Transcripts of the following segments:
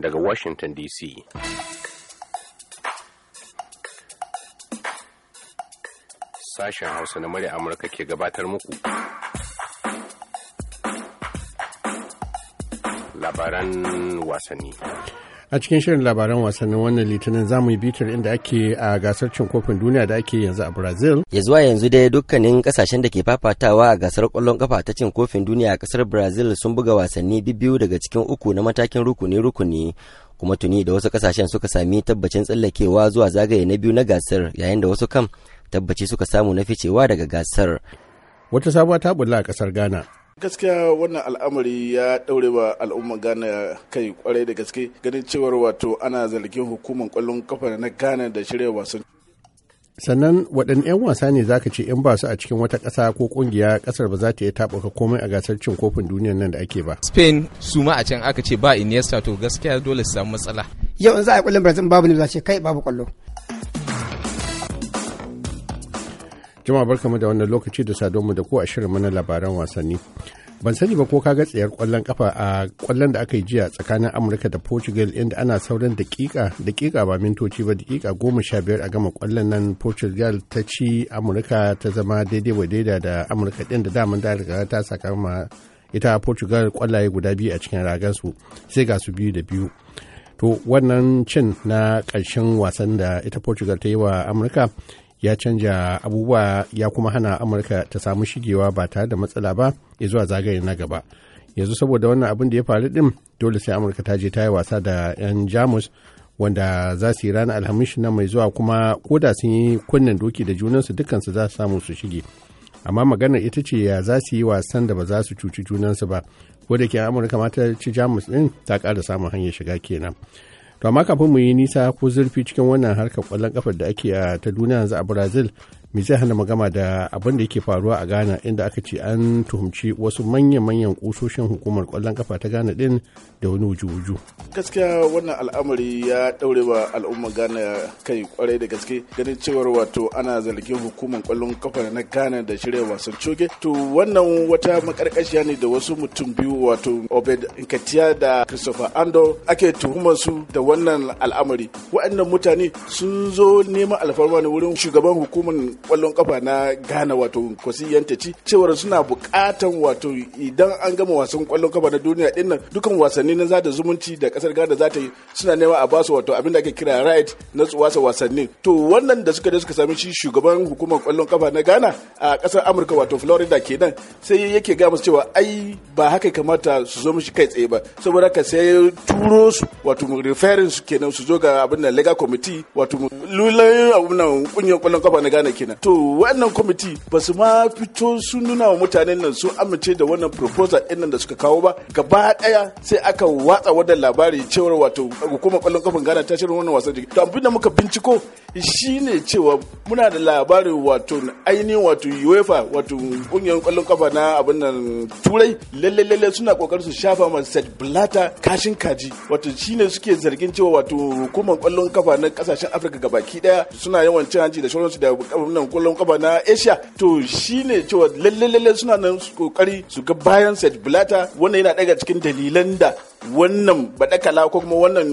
daga Washington DC. Sashen Hausa na murya Amurka ke gabatar muku. Labaran wasanni. a cikin shirin labaran wasannin wannan litinin za mu yi bitar inda ake a gasar cin kofin duniya da ake yanzu a brazil ya zuwa yanzu dai dukkanin kasashen da ke fafatawa a gasar kwallon kafa ta cin kofin duniya a kasar brazil sun buga wasanni biyu daga cikin uku na matakin rukuni rukuni kuma tuni da wasu kasashen suka sami tabbacin tsallakewa zuwa zagaye na biyu na gasar yayin da wasu kam tabbaci suka samu na ficewa daga gasar wata sabuwa ta bulla a kasar ghana gaskiya wannan al'amari ya daure wa al'umma gana kai kwarai da gaske ganin cewar wato ana zargin hukumar kwallon kafa na ghana da shirya wasan sannan waɗanne 'yan wasa ne zaka ce in ba su a cikin wata ƙasa ko ƙungiya ƙasar ba za ta iya taɓuka komai a gasar cin kofin duniyar nan da ake ba spain su ma a can aka ce ba iniesta to gaskiya dole su samu matsala yau in za a yi kwallon brazil babu ne za ce kai babu ƙwallo Jama'a barkamu da wannan lokaci da mu da ko a shirin mana labaran wasanni. Ban sani ba ko ka ga tsayar kwallon kafa a kwallon da aka yi jiya tsakanin Amurka da Portugal inda ana sauran dakika dakika ba mintoci ba dakika goma sha biyar a gama kwallon nan Portugal ta ci Amurka ta zama daidai wa daida da Amurka din da daman da riga ta saka ma ita Portugal kwallaye guda biyu a cikin su sai ga su biyu da biyu. to wannan cin na ƙarshen wasan da ita portugal ta yi wa amurka ya canja abubuwa ya kuma hana amurka ta samu shigewa ba tare da matsala ba ya zuwa zagaye na gaba yanzu saboda wannan abin da ya faru din dole sai amurka ta je ta yi wasa da 'yan jamus wanda za su yi ranar alhamis na mai zuwa kuma koda sun yi kunnen doki da junansu dukansu za su samu su shige amma maganar ita ce ya za su yi wasan da ba za su cuci junansu ba ko da ke amurka mata ci jamus din ta kara samun hanyar shiga kenan To amma kafin mu yi nisa ko zurfi cikin wannan harkar kwallon kafar da ake a ta duniya yanzu a Brazil mai zai hana magama da abin da yake faruwa a ghana inda aka ce an tuhumci wasu manya-manyan kusoshin hukumar kwallon kafa ta ghana din da wani wuju-wuju gaskiya wannan al'amari ya daure wa al'umma ghana kai kwarai da gaske ganin cewar wato ana zargin hukumar kwallon kafa na ghana da shirya wasan coge to wannan wata makarkashiya ne da wasu mutum biyu wato obed nkatiya da christopher ando ake tuhumar su da wannan al'amari waɗannan mutane sun zo neman alfarma ne wurin shugaban hukumar kwallon kafa na Ghana wato Kosi Yantaci cewar suna bukatan wato idan an gama wasan kwallon kafa na duniya din nan dukan wasanni na zada zumunci da kasar Ghana za ta yi suna nema a basu wato abin da ake kira right na tsuwasa wasannin to wannan da suka je suka sami shi shugaban hukumar kwallon kafa na Ghana a kasar Amurka wato Florida kenan sai yake ga musu cewa ai ba haka kamata su zo mishi kai tsaye ba saboda ka sai turo su wato referring su kenan su zo ga abin da legal committee wato lulayen abin nan kungiyar kwallon kafa na Ghana kenan kenan to wannan kwamiti ba su ma fito sun nuna wa mutanen nan sun amince da wannan proposal ɗin nan da suka kawo ba gaba ɗaya sai aka watsa wannan labari cewar wato hukumar kwallon kafin gana ta shirin wannan wasan jiki. to abin da muka binciko shine cewa muna da labarin wato ainihin wato UEFA wato kungiyar kwallon kafa na abin nan turai lalle lalle suna kokarin su shafa man set blata kashin kaji wato shine suke zargin cewa wato hukumar kwallon kafa na kasashen Afirka gabaki daya suna yawan cin hanci da sauransu da wannan kwallon kafa na asia to shine cewa lalle lalle suna nan kokari su ga bayan set blatter wannan yana daga cikin dalilan da wannan baɗakala ko kuma wannan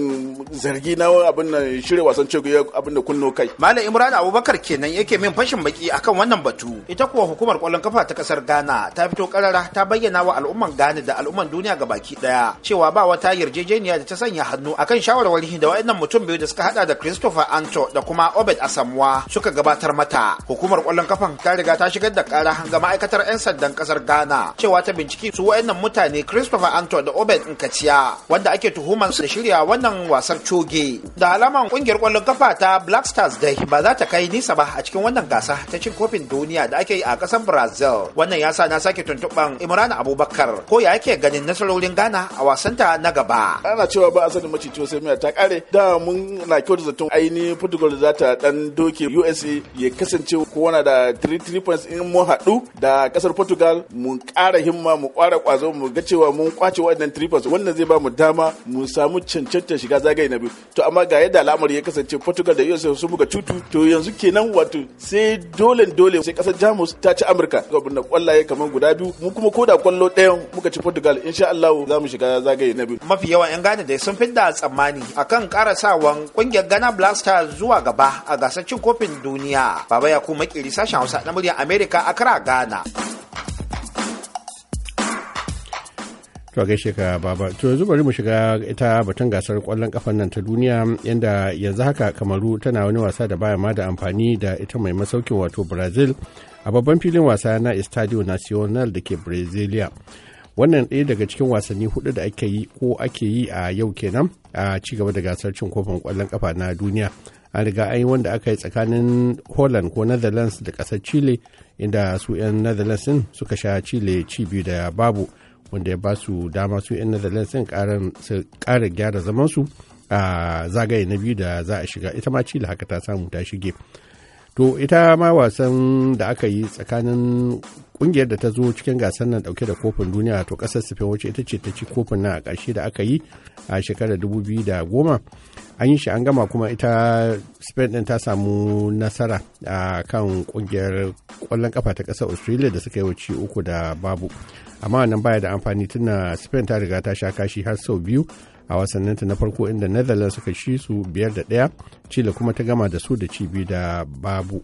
zargi na abin nan shirya wasan cewa abin da kunno kai malam imran abubakar kenan yake min fashin baki akan wannan batu ita kuwa hukumar kwallon kafa ta ƙasar ghana ta fito ƙarara ta bayyana wa al'umman ghana da al'umman duniya ga baki ɗaya, cewa ba wata yarjejeniya da ta sanya hannu akan shawarwari da wa'annan mutum biyu da suka hada da christopher anto da kuma obed asamuwa suka gabatar mata hukumar kwallon kafan ta riga ta shigar da ƙara ga ma'aikatar 'yan sandan ƙasar ghana cewa ta binciki su wayannan mutane christopher anto da obed nkaciya wanda ake tuhuman su da shirya wannan wasar coge. Da alaman kungiyar kwallon kafa ta Black Stars da ba za ta kai nisa ba a cikin wannan gasa ta cin kofin duniya da ake yi a kasar Brazil. Wannan ya sa na sake tuntuɓan Imran Abubakar ko ya ake ganin nasarorin Ghana a wasanta na gaba. Ana cewa ba a sanin macicin sai mai ta kare da mun na kyau da zaton aini Portugal za ta dan doke USA ya kasance kowane da 3 points in mun haɗu da kasar Portugal mun ƙara himma mu ƙwara ƙwazo mu ga cewa mun kwace waɗannan 3 points wannan zai ba mu dama mu samu cancanta shiga zagaye na biyu to amma ga yadda al'amari ya kasance Portugal da USA sun buga cutu to yanzu kenan wato sai dole dole sai kasar Jamus ta ci Amurka ga bunna kwallaye kamar guda biyu mu kuma koda kwallo ɗayan muka ci Portugal insha Allah za mu shiga zagaye na biyu mafi yawan yan gane da sun fidda tsammani akan karasawan kungiyar Ghana blaster zuwa gaba a gasar cin kofin duniya baba ya kuma makiri sashen Hausa na murya America kara Ghana To gaishe ka baba. To yanzu bari mu shiga ita batun gasar kwallon kafan nan ta duniya yanda yanzu haka Kamaru tana wani wasa da baya ma da amfani da ita mai masaukin wato Brazil a babban filin wasa na Estadio Nacional da ke Brazilia. Wannan ɗaya daga cikin wasanni hudu da ake yi ko ake yi a yau kenan a ci gaba da gasar cin kofin kwallon kafa na duniya. An riga an yi wanda aka yi tsakanin Holland ko Netherlands da ƙasar Chile inda su 'yan Netherlands suka sha Chile ci biyu da babu. wanda ya ba su dama su 'yan Netherlands sun kara gyara zamansu a zagaye na biyu da za a shiga ita ma Chile haka ta samu ta shige. To ita ma wasan da aka yi tsakanin kungiyar da ta zo cikin gasar nan dauke da kofin duniya to kasar Spain wacce ita ce ta ci kofin nan a karshe da aka yi a shekarar 2010 an yi shi an gama kuma ita spain din ta samu nasara a kan kungiyar kwallon kafa ta kasar australia da suka yi wuce uku da babu amma wannan baya da amfani tuna spain ta riga ta sha kashi har sau biyu a wasanninta na farko inda netherlands suka shi su biyar da ɗaya chile kuma ta gama da su da ci biyu da babu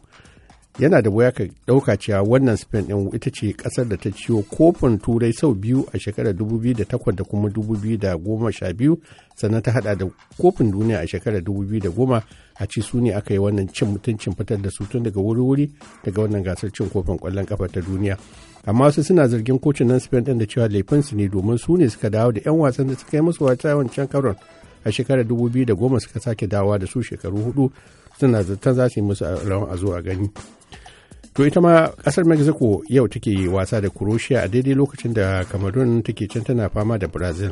yana da wuya ka ɗauka cewa wannan spain ɗin ita ce ƙasar da ta ciwo kofin turai sau biyu a shekarar 2008 da kuma 2012 sannan ta haɗa da kofin duniya a shekarar 2010 a ci su ne aka yi wannan cin mutuncin fitar da su tun daga wuri-wuri daga wannan gasar cin kofin ƙwallon ƙafa ta duniya amma wasu suna zargin kocin nan spain ɗin da cewa laifinsu ne domin su ne suka dawo da 'yan wasan da suka yi musu wata wancan karon a shekarar 2010 suka sake dawa da su shekaru hudu suna zata za su yi musu rawan a zo a gani To ita ma kasar Mexico yau take wasa da Croatia a daidai lokacin da Cameroon take can tana fama da Brazil.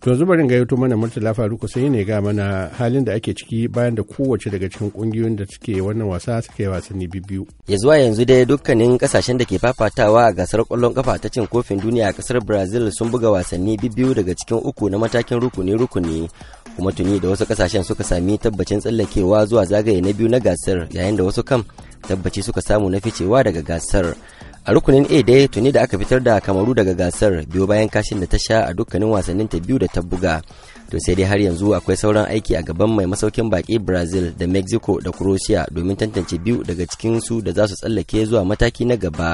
To zubarin yato mana Murtala Faruku sai ne ga mana halin da ake ciki bayan da kowace daga cikin kungiyoyin da suke wannan wasa suke wasanni biyu. Ya zuwa yanzu dai dukkanin kasashen da ke fafatawa a gasar kwallon kafa ta cin kofin duniya a kasar Brazil sun buga wasanni biyu daga cikin uku na matakin rukuni-rukuni kuma tuni da wasu kasashen suka sami tabbacin tsallakewa zuwa zagaye na biyu na gasar yayin da wasu kam tabbaci suka samu na ficewa daga gasar a rukunin a dai tuni da aka fitar da kamaru daga gasar biyo bayan kashin da ta sha a dukkanin wasannin ta biyu da ta buga to sai dai har yanzu akwai sauran aiki a gaban mai masaukin baki brazil da mexico da croatia domin tantance biyu daga cikin su da za su tsallake zuwa mataki na gaba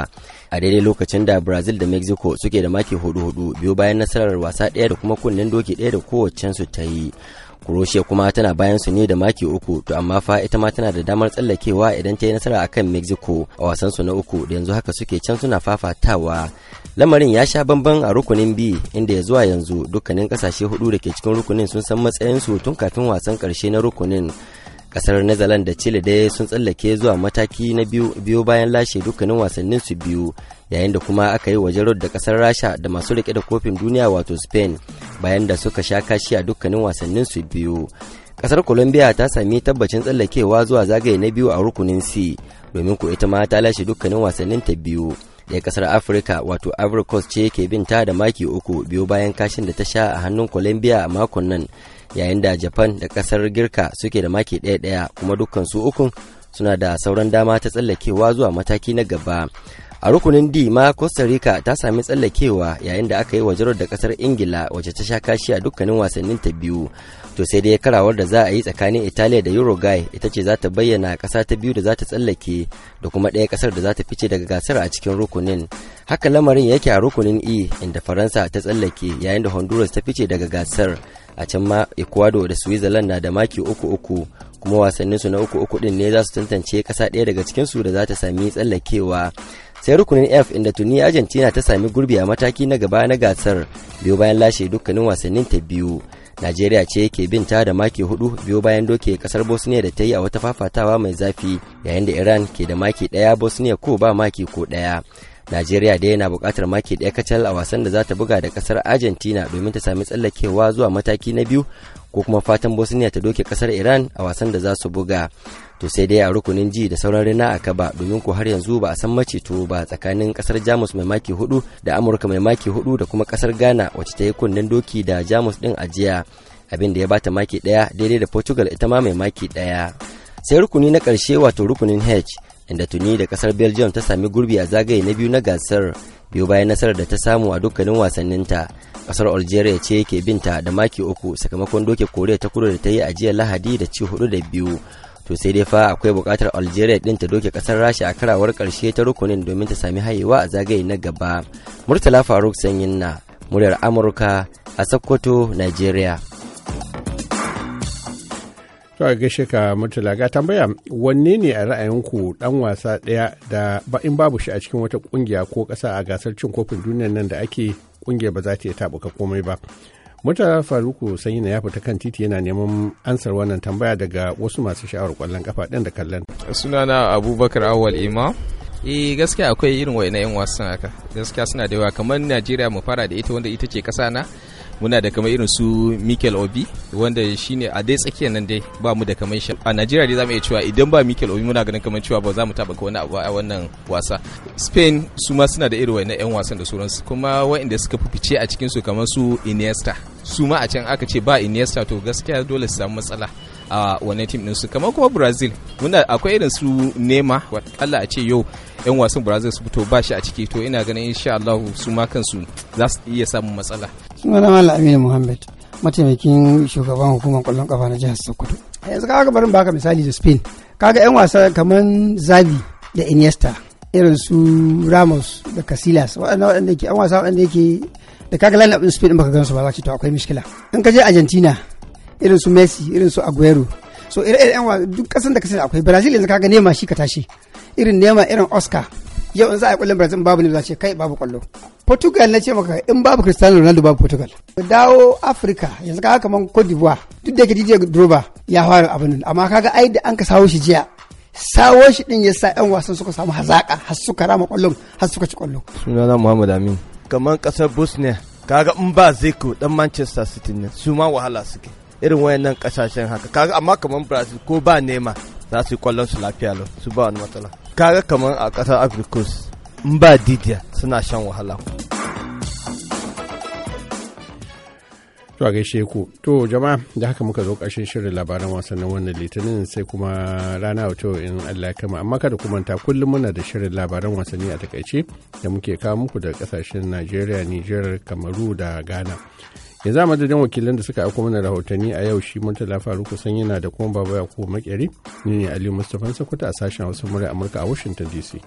a daidai lokacin da brazil da mexico suke da maki hudu hudu biyo bayan nasarar wasa ɗaya da kuma kunnen doki daya da kowacensu ta yi Croatia kuma tana bayan su ne da maki uku to amma fa ita ma tana da damar tsallakewa idan ta yi nasara kan Mexico a wasan su na uku da yanzu haka suke can suna fafatawa. Lamarin ya sha bamban a rukunin B inda ya zuwa yanzu dukkanin kasashe hudu da ke cikin rukunin sun san matsayin su tun kafin wasan karshe na rukunin. kasar netherlands da chile dai sun tsallake zuwa mataki na biyu bayan lashe dukkanin wasannin su biyu yayin da kuma aka yi waje da kasar rasha da masu rike da kofin duniya wato spain bayan da suka sha kashi a dukkanin wasannin su biyu kasar colombia ta sami tabbacin tsallakewa zuwa zagaye na biyu a rukunin c domin ku ita ma ta lashe dukkanin wasannin ta biyu da kasar afirka wato ivory coast ce ke bin ta da maki uku biyu bayan kashin da ta sha a hannun colombia a makon nan yayin da japan da kasar girka suke da maki ɗaya ɗaya kuma dukkan su ukun suna da sauran dama ta tsallakewa zuwa mataki na gaba a rukunin d ma costa rica ta sami tsallakewa yayin da aka yi wa da kasar ingila wacce ta sha kashi a dukkanin wasannin ta biyu to sai dai karawar da za a yi tsakanin italiya da uruguay ita ce za ta bayyana kasa ta biyu da za ta tsallake da kuma ɗaya kasar da za ta fice daga gasar a cikin rukunin haka lamarin yake a rukunin e inda faransa ta tsallake yayin da honduras ta fice daga gasar a can ma ecuador da switzerland na da maki uku uku kuma wasannin su na uku uku din ne za su tantance kasa ɗaya daga cikin su da za ta sami tsallakewa sai rukunin f inda tuni argentina ta sami gurbi a mataki na gaba na gasar biyo bayan lashe dukkanin wasannin ta biyu najeriya ce ke bin ta da maki hudu biyo bayan doke kasar bosnia da ta yi a wata fafatawa mai zafi yayin da iran ke da maki daya bosnia ko ba maki ko daya najeriya dai yana buƙatar maki ɗaya kacal a wasan da za ta buga da ƙasar argentina domin ta sami tsallakewa zuwa mataki na biyu ko kuma fatan bosnia ta doke ƙasar iran a wasan da za su buga to sai dai a rukunin ji da sauran rina a kaba domin ko har yanzu ba a san maceto ba tsakanin ƙasar jamus mai maki hudu da amurka mai maki hudu da kuma ƙasar ghana wacce ta yi kunnen doki da jamus ɗin a jiya abin da ya bata maki ɗaya daidai da portugal ita ma mai maki ɗaya sai rukuni na ƙarshe wato rukunin h inda tuni da kasar belgium ta sami gurbi a zagaye na biyu na gasar biyu bayan nasarar da ta samu a dukkanin wasanninta kasar algeria ce ke binta da maki uku sakamakon doke koriya ta kudu da ta yi a jiya lahadi da ci hudu da biyu to sai dai fa akwai bukatar algeria din ta doke kasar rasha a karawar karshe ta rukunin domin ta sami hayewa a zagaye na gaba murtala faruk sanyin na muryar amurka a sokoto nigeria kawai gaishe ka murtala ga tambaya wanne ne a ra'ayinku dan wasa daya da ba in babu shi a cikin wata kungiya ko kasa a gasar cin kofin duniya nan da ake kungiya ba za ta iya tabuka komai ba murtala faruku sanyi na ya fita kan titi yana neman ansar wannan tambaya daga wasu masu sha'awar kwallon kafa ɗin da kallon sunana abubakar awal ima e gaskiya akwai irin wa'ina yan wasan haka gaskiya suna da yawa kamar najeriya mu fara da ita wanda ita ce kasa na muna da kamar irin su Mikel Obi wanda shine a dai tsakiyar nan dai ba mu da kamar shi a Najeriya dai zamu iya cewa idan ba Mikel Obi muna ganin kamar cewa ba za mu taba wani abu a wannan wasa Spain su ma suna da irin wayannan yan wasan da sauransu kuma waɗanda suka fice a cikin su kamar su Iniesta su ma a can aka ce ba Iniesta to gaskiya dole su samu matsala a wannan tim su kamar kuma brazil muna akwai irin su nema Allah a ce yau yan wasan brazil su fito ba shi a ciki to ina ganin insha Allah su ma kansu za su iya samun matsala sunana malam aminu muhammad mataimakin shugaban hukumar kwallon kafa na jihar sokoto yanzu kaga barin baka misali da spain kaga yan wasa kamar zabi da iniesta irin su ramos da casillas waɗanda ke yan wasa waɗanda yake da kaga line up spain baka baka gansu ba za ki to akwai mishkila in ka je argentina irin su messi irin su aguero so irin yan wasa duk kasan da kasan akwai brazil yanzu kaga nema shi ka tashi irin nema irin oscar yau in za a yi kwallon brazil babu ne ce kai babu kwallo portugal na ce maka in babu cristiano ronaldo babu portugal dawo afirka yanzu haka kaman cote d'ivoire duk da yake dj droba ya fara abin amma kaga ai da an ka sawo shi jiya sawo shi din yasa yan wasan suka samu hazaka har suka rama kwallon har suka ci kwallo sunana muhammad amin kamar kasar bosnia kaga in ba zeko dan manchester city ne su ma wahala suke irin wayannan kasashen haka kaga amma kamar brazil ko ba nema za su yi kwallon su lafiya lau su ba wani matsala kaga kamar a ƙasar africus in ba didiya suna shan wahala to a gaishe ku to jama'a da haka muka zo ƙarshen shirin labaran wasannin wannan litinin sai kuma rana wato in Allah kama amma kada ku manta kullum muna da shirin labaran wasanni a takaice da muke kawo muku daga kasashen Najeriya Niger Kamaru da Ghana ya za madadin wakilan da suka aiko mana rahotanni a yau shi murtala faru kusan yana da kuma baba ya kuma makeri ne ne ali mustapha sakwata a sashen wasu murai amurka a washington dc